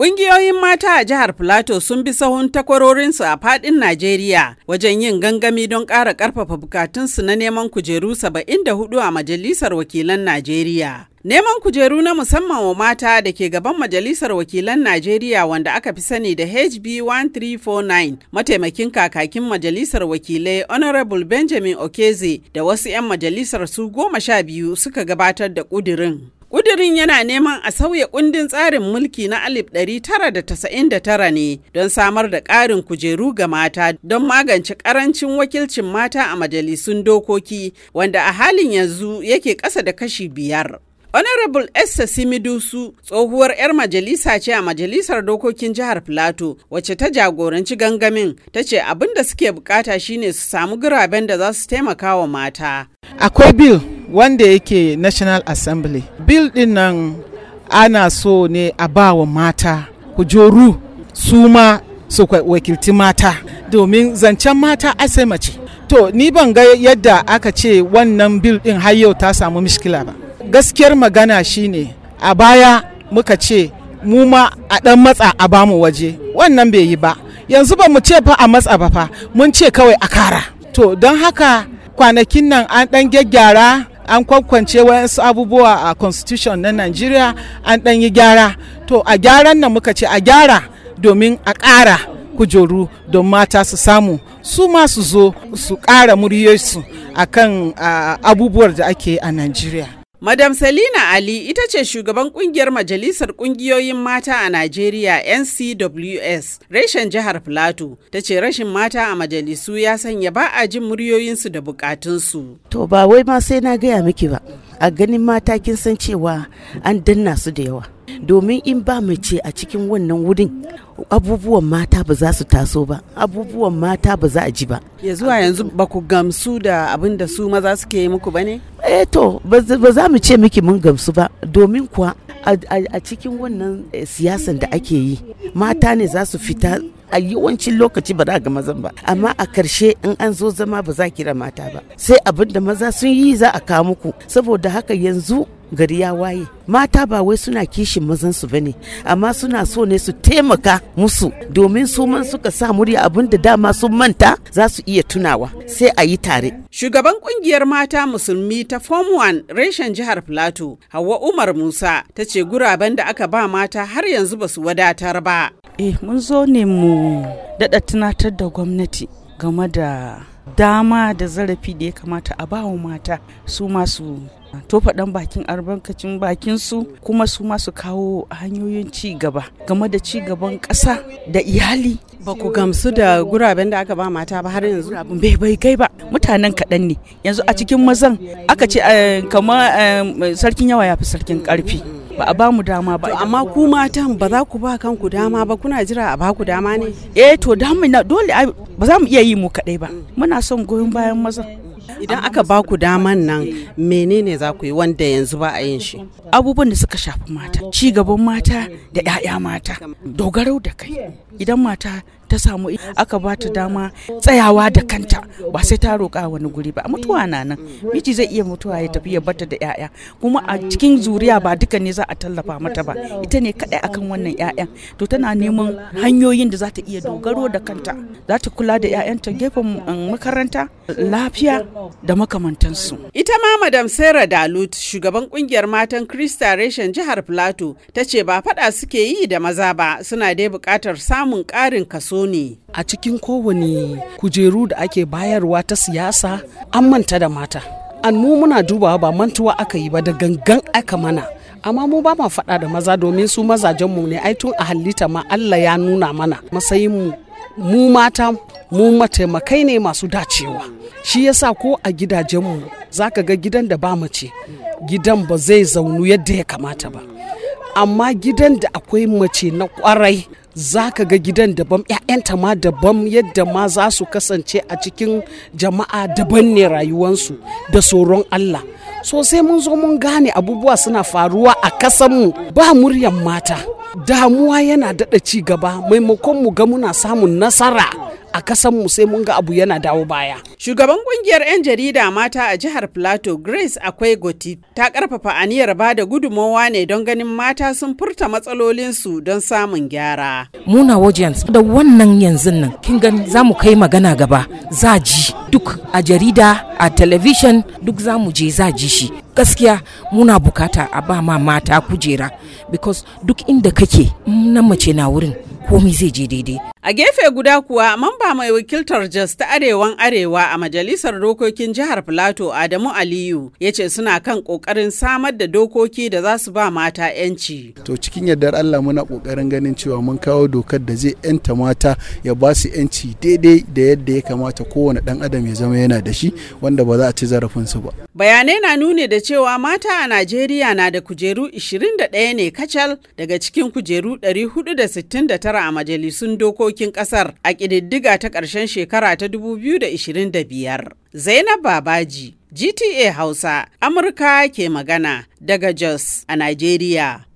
Ƙungiyoyin mata a jihar Filato sun bi sahun takwarorinsu a faɗin Najeriya wajen yin gangami don ƙara ƙarfafa bukatunsu na neman kujeru 74 a Majalisar Wakilan Najeriya. Neman kujeru na musamman wa mata da ke gaban Majalisar Wakilan Najeriya wanda aka fi sani da HB 1349 mataimakin kakakin Majalisar Wakilai Honorable Benjamin Okeze da wasu 'yan majalisar su goma sha biyu suka gabatar da ƙudirin. Kudirin yana neman a sauya kundin tsarin mulki na alif 1999 ne don samar da ƙarin kujeru ga mata don magance ƙarancin wakilcin mata a majalisun dokoki wanda a halin yanzu yake ƙasa da kashi biyar. Honorable Esther Simidusu tsohuwar 'yar majalisa ce a majalisar dokokin jihar Filato wacce ta jagoranci gangamin ta ce abin da suke bukata shine su samu guraben da za su taimaka wa mata. Akwai bil wanda yake national assembly bill din nan ana so ne a ba wa mata kujoru su ma su wakilci mata domin zancen mata ai mace to ni ban ga yadda aka ce wannan bill din har yau ta samu mishkila ba gaskiyar magana shine a baya muka ce mu ma a dan matsa a bamu waje wannan bai yi ba yanzu ba mu ce fa a matsa ba fa mun ce kawai a kara to don haka kwanakin nan an dan gyaggyara an kwankwance wayansu abubuwa a constitution na nigeria an ɗan yi gyara to a gyaran nan muka ce a gyara domin a ƙara kujeru don mata su samu su ma su zo su ƙara a akan abubuwar da ake a nigeria. Madam Salina Ali ita ce shugaban kungiyar Majalisar Kungiyoyin Mata a Najeriya NCWS reshen jihar Filato ta ce rashin mata a majalisu ya sanya ba a jin muryoyinsu da bukatunsu. To ba wai ma sai na gaya miki ba, a ganin mata kin san cewa an danna su da yawa. Domin in ba mace a cikin wannan wurin abubuwan mata ba za su taso ba abubuwan mata ba za a ji ba ya zuwa yanzu ba ku gamsu da abin da su maza suke yi muku ba ne eh to ba za mu ce miki mun gamsu ba domin kuwa a cikin wannan eh, siyasan da ake yi mata ne za su fita a yawancin lokaci ba za ga mazan ba amma a karshe in an zo zama ba za kira mata ba sai abin da maza sun yi za a kawo muku saboda haka yanzu gari ya waye mata ba wai suna kishin mazansu ba ne amma suna so ne su taimaka musu domin su man suka sa murya abin da dama sun manta za su iya tunawa sai a yi tare shugaban kungiyar mata musulmi ta form 1 reshen jihar plateau hawa umar musa ta ce guraben da aka ba mata har yanzu ba su wadatar ba eh mun zo ne mu daɗa tunatar da gwamnati game da dama da zarafi da ya kamata a bawa mata su masu tofa bakin albarkacin bakin su kuma su masu kawo hanyoyin ci gaba game da ci gaban ƙasa da iyali ba ku gamsu da guraben da aka ba mata ba har yanzu bai bai kai ba mutanen kaɗan ne yanzu a cikin mazan aka ce eh, kamar eh, sarkin yawa ya fi sarkin ƙarfi ba a bamu dama ba amma ku matan ba za ku ba kanku dama ba kuna jira a baku dama ne eh to dama dole ba za mu iya yi mu kadai ba mm. muna son goyon bayan maza Idan aka ba ku daman nan menene za ku yi wanda yanzu ba a yin shi? Abubuwan da suka shafi mata, ci gaban mata da 'ya'ya mata, dogaro da kai. Idan mata ta samu aka ba ta dama tsayawa da kanta ba sai ta roƙa wani guri ba mutuwa na nan miji zai iya mutuwa ya tafi ya bata da yaya kuma a cikin zuriya ba duka ne za a tallafa mata ba ita ne kaɗai akan wannan 'yaya to tana neman hanyoyin da za ta iya dogaro da kanta za ta kula da yayanta gefen mm, makaranta lafiya da makamantansu. Ita ma Madam Sarah Dalut, shugaban kungiyar matan Krista reshen jihar Plateau, ta ce ba fada suke yi da maza ba, suna dai bukatar samun ƙarin kaso ne. A cikin kowane kujeru da ake bayarwa ta siyasa, an manta da mata. An mu muna dubawa ba mantuwa aka yi ba da gangan aka mana. amma mu ba ma faɗa da maza domin su mazajenmu ne ai tun a halitta ma Allah ya nuna mana matsayin mu mu mata mu mataimakai ne masu dacewa shi yasa ko a gidajenmu za ka ga gidan da ba mace gidan ba zai zaunu yadda ya kamata ba amma gidan da akwai mace na kwarai za ka ga gidan daban 'ya'yanta ma daban yadda ma za su kasance a cikin jama'a daban ne rayuwansu da tsoron Allah sosai mun zo mun gane abubuwa suna faruwa a kasanmu ba muryan mata damuwa yana daɗa ci gaba maimakon mu ga muna samun nasara a kasan mu sai mun ga abu yana dawo baya. Shugaban kungiyar 'yan jarida mata a jihar Plateau Grace akwai goti ta karfafa aniyar ba da gudummawa ne don ganin mata sun furta matsalolinsu don samun gyara. Muna wajen da wannan yanzu nan kin gan za mu kai magana gaba za ji duk a jarida a television duk za mu je za ji shi gaskiya muna bukata a ba ma mata kujera because duk inda kake na mace na wurin komai zai je daidai A gefe guda kuwa mamba mai wakiltar Jos ta Arewan Arewa a Majalisar Dokokin Jihar Filato Adamu Aliyu ya ce suna kan kokarin samar da dokoki da za su ba mata 'yanci. To cikin yardar Allah muna kokarin ganin cewa mun kawo dokar da zai 'yanta mata ya ba su 'yanci daidai da yadda ya kamata kowane dan adam ya zama yana da shi wanda ba za a ci zarafinsu ba. Bayanai na nuni da cewa mata a Najeriya na da kujeru 21 ne kacal daga cikin kujeru 469 a majalisun dokoki. dokokin ƙasar a ƙididdiga ta ƙarshen shekara ta 2025. Zainab Babaji, GTA Hausa, Amurka ke magana daga Jos a Najeriya.